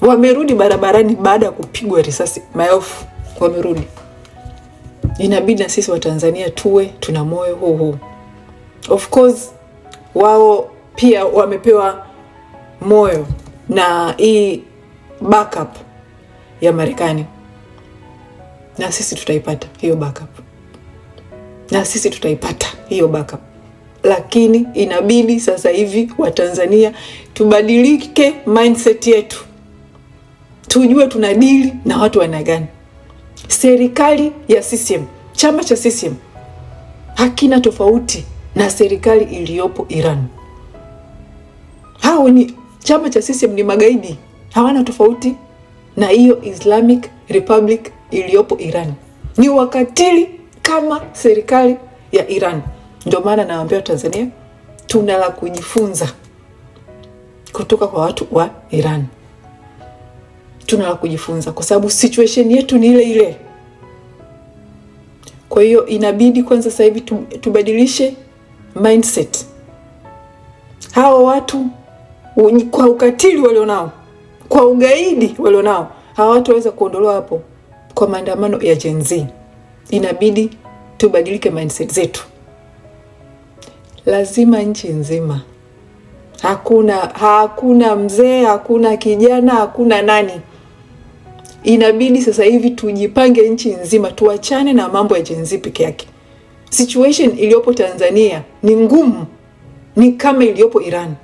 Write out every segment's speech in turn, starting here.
wamerudi barabarani baada ya kupigwa risasi maelfu, wamerudi. Inabidi na sisi Watanzania tuwe tuna moyo huu huu. Of course wao pia wamepewa moyo na hii backup ya Marekani, na sisi tutaipata hiyo backup, na sisi tutaipata hiyo backup lakini inabidi sasa hivi Watanzania tubadilike mindset yetu tujue tuna dili na watu wa aina gani. Serikali ya CCM, chama cha CCM hakina tofauti na serikali iliyopo Iran. Hao ni chama cha CCM ni magaidi, hawana tofauti na hiyo Islamic Republic iliyopo Iran. Ni wakatili kama serikali ya Iran. Ndio maana nawaambia Tanzania tuna la kujifunza kutoka kwa watu wa Iran tuna la kujifunza, kwa sababu situation yetu ni ile ile. Kwa hiyo inabidi kwanza sasa hivi tubadilishe mindset. Hawa watu kwa ukatili walionao, kwa ugaidi walionao, hawa watu waweza kuondolewa hapo kwa maandamano ya Gen Z. Inabidi tubadilike mindset zetu, lazima nchi nzima, hakuna hakuna mzee, hakuna kijana, hakuna nani inabidi sasa hivi tujipange nchi nzima, tuachane na mambo ya Gen peke yake. Situation iliyopo Tanzania ni ngumu, ni kama iliyopo Iran.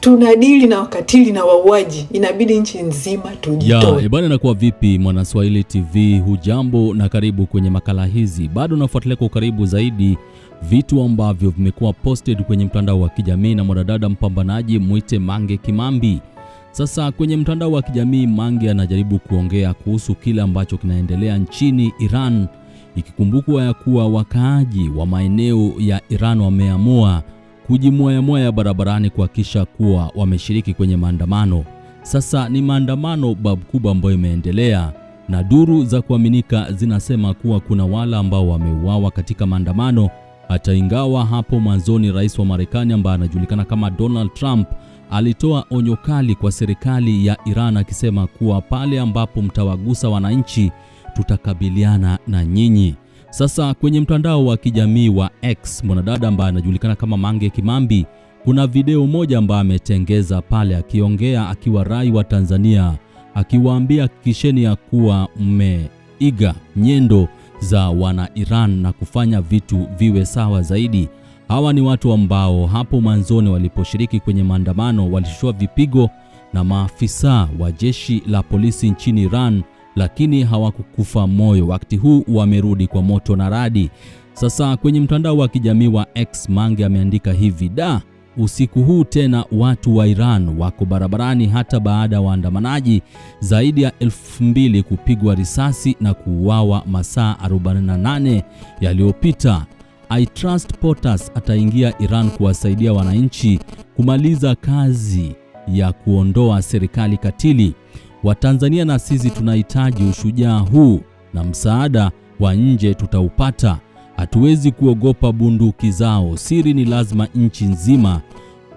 tunadili na wakatili na wauaji, inabidi nchi nzima tujitoe bwana. Inakuwa vipi Mwanaswahili TV, hujambo na karibu kwenye makala hizi. Bado nafuatilia kwa karibu zaidi vitu ambavyo vimekuwa posted kwenye mtandao wa kijamii na mwanadada mpambanaji mwite Mange Kimambi. Sasa kwenye mtandao wa kijamii Mange anajaribu kuongea kuhusu kile ambacho kinaendelea nchini Iran, ikikumbukwa ya kuwa wakaaji wa maeneo ya Iran wameamua kujimwayamwaya barabarani kuhakikisha kuwa wameshiriki kwenye maandamano. Sasa ni maandamano babu kubwa ambayo imeendelea, na duru za kuaminika zinasema kuwa kuna wale ambao wameuawa katika maandamano, hata ingawa hapo mwanzoni rais wa Marekani ambaye anajulikana kama Donald Trump alitoa onyo kali kwa serikali ya Iran akisema kuwa pale ambapo mtawagusa wananchi tutakabiliana na nyinyi. Sasa kwenye mtandao wa kijamii wa X, mwanadada ambaye anajulikana kama Mange Kimambi, kuna video moja ambayo ametengeza pale akiongea akiwa rai wa Tanzania akiwaambia hakikisheni ya kuwa mmeiga nyendo za wana Iran na kufanya vitu viwe sawa zaidi. Hawa ni watu ambao hapo mwanzoni waliposhiriki kwenye maandamano walishushiwa vipigo na maafisa wa jeshi la polisi nchini Iran, lakini hawakukufa moyo. Wakati huu wamerudi kwa moto na radi. Sasa kwenye mtandao wa kijamii wa X, Mange ameandika hivi: da Usiku huu tena watu wa Iran wako barabarani hata baada ya waandamanaji zaidi ya elfu mbili kupigwa risasi na kuuawa masaa 48 yaliyopita. I trust Potas ataingia Iran kuwasaidia wananchi kumaliza kazi ya kuondoa serikali katili. Watanzania na sisi tunahitaji ushujaa huu na msaada wa nje tutaupata. Hatuwezi kuogopa bunduki zao. Siri ni lazima nchi nzima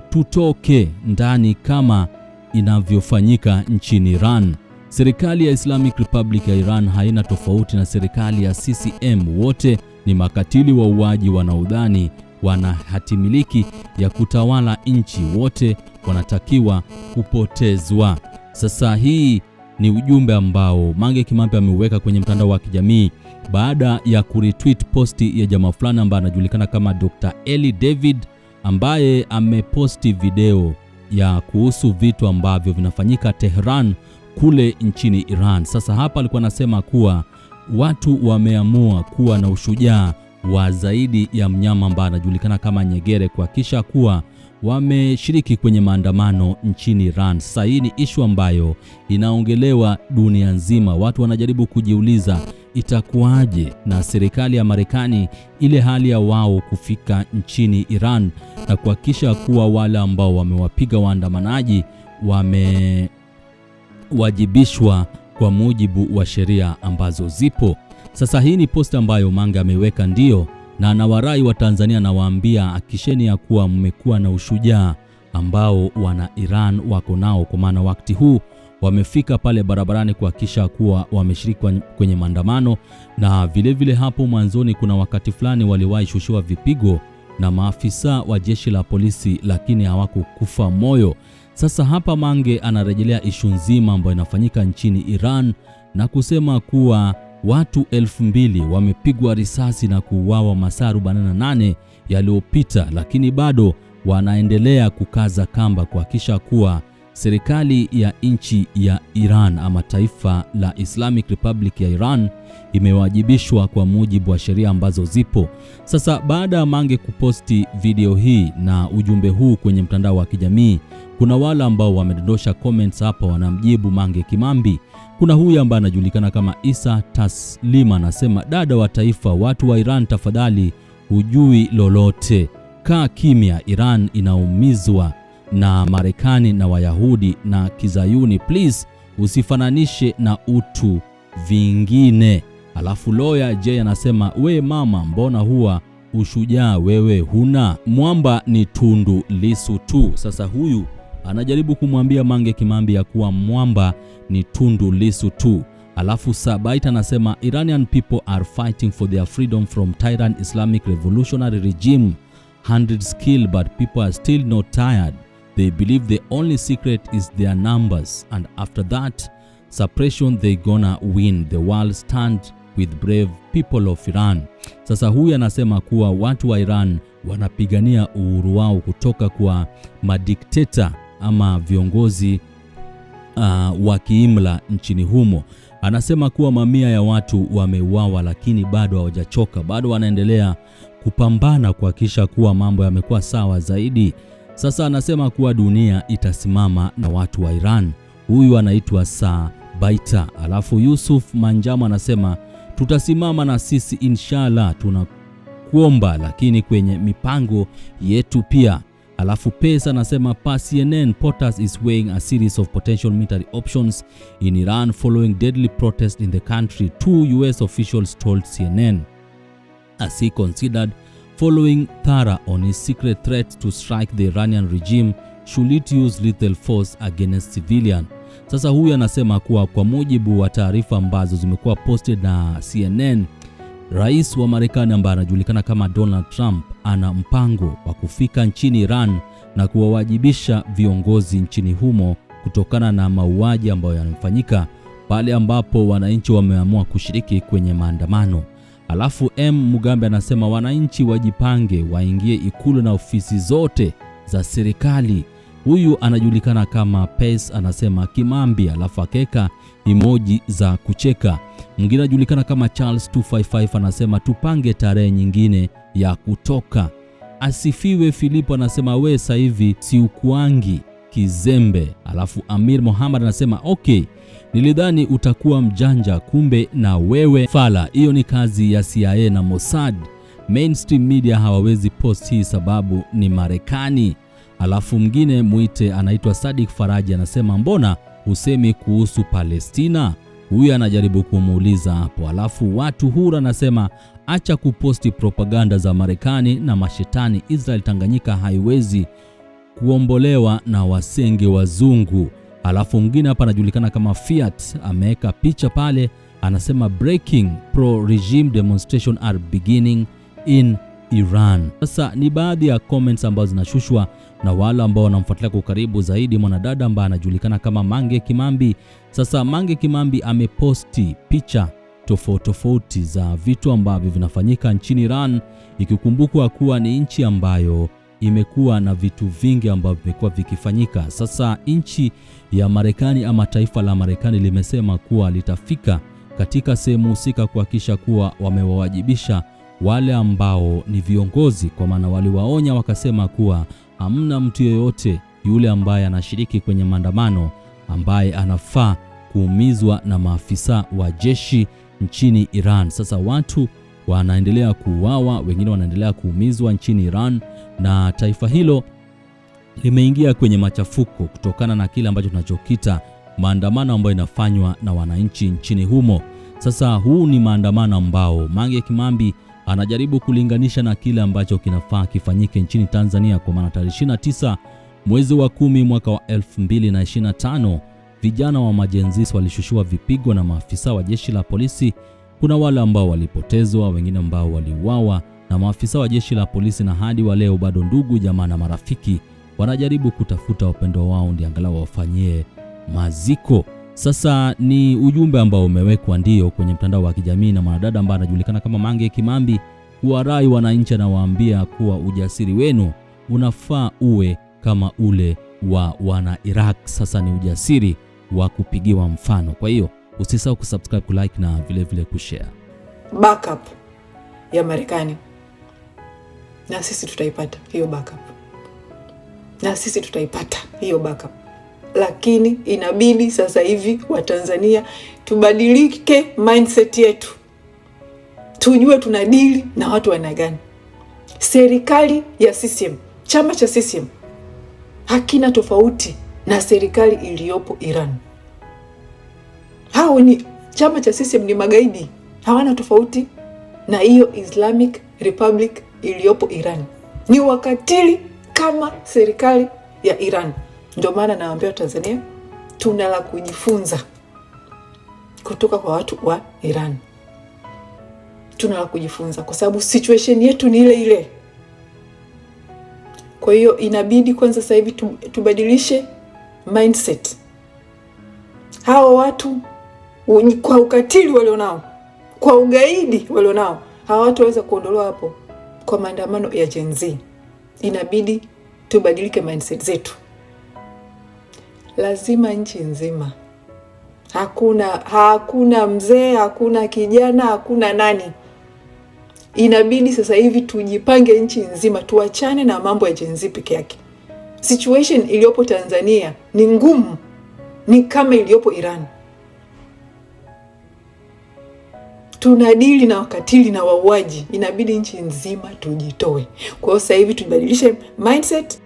tutoke ndani kama inavyofanyika nchini Iran. Serikali ya Islamic Republic ya Iran haina tofauti na serikali ya CCM. Wote ni makatili wa wauaji wanaodhani wana hatimiliki ya kutawala nchi, wote wanatakiwa kupotezwa. Sasa hii ni ujumbe ambao Mange Kimambe ameuweka kwenye mtandao wa kijamii baada ya kuretweet posti ya jamaa fulani ambaye anajulikana kama Dr. Eli David ambaye ameposti video ya kuhusu vitu ambavyo vinafanyika Tehran kule nchini Iran. Sasa hapa alikuwa anasema kuwa watu wameamua kuwa na ushujaa wa zaidi ya mnyama ambaye anajulikana kama nyegere, kuhakikisha kuwa wameshiriki kwenye maandamano nchini Iran. Sasa hii ni ishu ambayo inaongelewa dunia nzima, watu wanajaribu kujiuliza itakuwaje na serikali ya Marekani, ile hali ya wao kufika nchini Iran na kuhakikisha kuwa wale ambao wamewapiga waandamanaji wamewajibishwa kwa mujibu wa sheria ambazo zipo. Sasa hii ni posta ambayo Mange ameweka ndio, na anawarai wa Tanzania anawaambia, akisheni ya kuwa mmekuwa na ushujaa ambao wana Iran wako nao, kwa maana wakati huu wamefika pale barabarani kuhakikisha kuwa wameshiriki kwenye maandamano, na vilevile vile hapo mwanzoni kuna wakati fulani waliwahi shushiwa vipigo na maafisa wa jeshi la polisi, lakini hawakukufa moyo. Sasa hapa Mange anarejelea ishu nzima ambayo inafanyika nchini Iran na kusema kuwa watu elfu mbili wamepigwa risasi na kuuawa masaa 48 yaliyopita, lakini bado wanaendelea kukaza kamba kuhakikisha kuwa Serikali ya nchi ya Iran ama taifa la Islamic Republic ya Iran imewajibishwa kwa mujibu wa sheria ambazo zipo. Sasa baada ya Mange kuposti video hii na ujumbe huu kwenye mtandao wa kijamii, kuna wale ambao wamedondosha comments hapa wanamjibu Mange Kimambi. Kuna huyu ambaye anajulikana kama Isa Taslima anasema, dada wa taifa, watu wa Iran tafadhali, hujui lolote, kaa kimya, Iran inaumizwa na Marekani na Wayahudi na Kizayuni, please usifananishe na utu vingine. Alafu Lawyer J anasema we mama, mbona huwa ushujaa wewe huna? Mwamba ni Tundu Lisu tu. Sasa huyu anajaribu kumwambia Mange Kimambi ya kuwa mwamba ni Tundu Lisu tu. Alafu Sabait anasema Iranian people are fighting for their freedom from tyrant Islamic revolutionary regime hundreds killed but people are still not tired They believe the only secret is their numbers, and after that suppression they gonna win. The world stand with brave people of Iran. Sasa huyu anasema kuwa watu wa Iran wanapigania uhuru wao kutoka kwa madikteta ama viongozi uh, wa kiimla nchini humo. Anasema kuwa mamia ya watu wameuawa, lakini bado hawajachoka, bado wanaendelea kupambana kuhakikisha kuwa mambo yamekuwa sawa zaidi. Sasa anasema kuwa dunia itasimama na watu wa Iran. Huyu anaitwa sa Baita. Alafu Yusuf Manjama anasema tutasimama na sisi inshallah, tunakuomba lakini kwenye mipango yetu pia. Alafu Pesa anasema pa CNN Potas is weighing a series of potential military options in Iran following deadly protest in the country. Two US officials told CNN as he considered following Thara on his secret threat to strike the Iranian regime should it use lethal force against civilian. Sasa huyu anasema kuwa kwa mujibu wa taarifa ambazo zimekuwa posted na CNN, rais wa Marekani ambaye anajulikana kama Donald Trump ana mpango wa kufika nchini Iran na kuwawajibisha viongozi nchini humo kutokana na mauaji ambayo yanafanyika pale ambapo wananchi wameamua kushiriki kwenye maandamano. Alafu M Mugambe anasema wananchi wajipange, waingie Ikulu na ofisi zote za serikali. Huyu anajulikana kama Pes, anasema Kimambi, alafu akeka emoji za kucheka. Mwingine anajulikana kama Charles 255 anasema tupange tarehe nyingine ya kutoka. Asifiwe Filipo anasema we sasa hivi si ukuangi kizembe. Alafu Amir Muhammad anasema okay, Nilidhani utakuwa mjanja, kumbe na wewe fala. Hiyo ni kazi ya CIA na Mossad. Mainstream media hawawezi post hii sababu ni Marekani. Alafu mwingine mwite anaitwa Sadik Faraji anasema mbona husemi kuhusu Palestina? Huyu anajaribu kumuuliza hapo. Alafu watu hura anasema acha kuposti propaganda za Marekani na mashetani. Israel Tanganyika haiwezi kuombolewa na wasenge wazungu. Alafu mwingine hapa anajulikana kama Fiat ameweka picha pale, anasema breaking pro regime demonstration are beginning in Iran. Sasa ni baadhi ya comments ambazo zinashushwa na wale ambao wanamfuatilia kwa karibu zaidi mwanadada ambaye anajulikana kama Mange Kimambi. Sasa Mange Kimambi ameposti picha tofauti tofauti za vitu ambavyo vinafanyika nchini Iran, ikikumbukwa kuwa ni nchi ambayo imekuwa na vitu vingi ambavyo vimekuwa vikifanyika. Sasa nchi ya Marekani ama taifa la Marekani limesema kuwa litafika katika sehemu husika kuhakikisha kuwa wamewawajibisha wale ambao ni viongozi, kwa maana waliwaonya wakasema kuwa hamna mtu yeyote yule ambaye anashiriki kwenye maandamano ambaye anafaa kuumizwa na maafisa wa jeshi nchini Iran. Sasa watu wanaendelea kuuawa, wengine wanaendelea kuumizwa nchini Iran na taifa hilo limeingia kwenye machafuko kutokana na kile ambacho tunachokita maandamano ambayo inafanywa na wananchi nchini humo. Sasa huu ni maandamano ambao Mange Kimambi anajaribu kulinganisha na kile ambacho kinafaa kifanyike nchini Tanzania, kwa maana tarehe 29 mwezi wa kumi mwaka wa 2025 vijana wa majenzi walishushiwa vipigo na maafisa wa jeshi la polisi. Kuna wale ambao walipotezwa, wengine ambao waliuawa na maafisa wa jeshi la polisi, na hadi wa leo bado ndugu jamaa na marafiki wanajaribu kutafuta wapendwa wao ndio angalau wafanyie maziko. Sasa ni ujumbe ambao umewekwa ndio kwenye mtandao wa kijamii na mwanadada ambaye anajulikana kama Mange Kimambi, kuwarai wananchi, anawaambia kuwa ujasiri wenu unafaa uwe kama ule wa wana Iraq. Sasa ni ujasiri wa kupigiwa mfano. Kwa hiyo usisahau kusubscribe, kulike na vilevile kushare. Backup ya Marekani na sisi tutaipata hiyo backup, na sisi tutaipata hiyo backup, lakini inabidi sasa hivi Watanzania tubadilike mindset yetu, tujue tuna dili na watu wa aina gani. Serikali ya CCM, chama cha CCM hakina tofauti na serikali iliyopo Iran. Hao ni chama cha CCM ni magaidi, hawana tofauti na hiyo Islamic Republic iliyopo Iran ni wakatili kama serikali ya Iran. Ndio maana nawaambia Tanzania tuna la kujifunza kutoka kwa watu wa Iran, tuna la kujifunza kwa sababu situation yetu ni ile ile. Kwa hiyo inabidi kwanza sasa hivi tubadilishe mindset. Hawa watu kwa ukatili walionao, kwa ugaidi walionao, hawa watu waweza kuondolewa hapo kwa maandamano ya Gen Z. Inabidi tubadilike mindset zetu, lazima nchi nzima, hakuna hakuna mzee, hakuna kijana, hakuna nani. Inabidi sasa hivi tujipange nchi nzima, tuachane na mambo ya Gen Z peke yake. Situation iliyopo Tanzania ni ngumu, ni kama iliyopo Iran. tunadili na wakatili na wauaji, inabidi nchi nzima tujitoe. Kwa hiyo sasa hivi tubadilishe mindset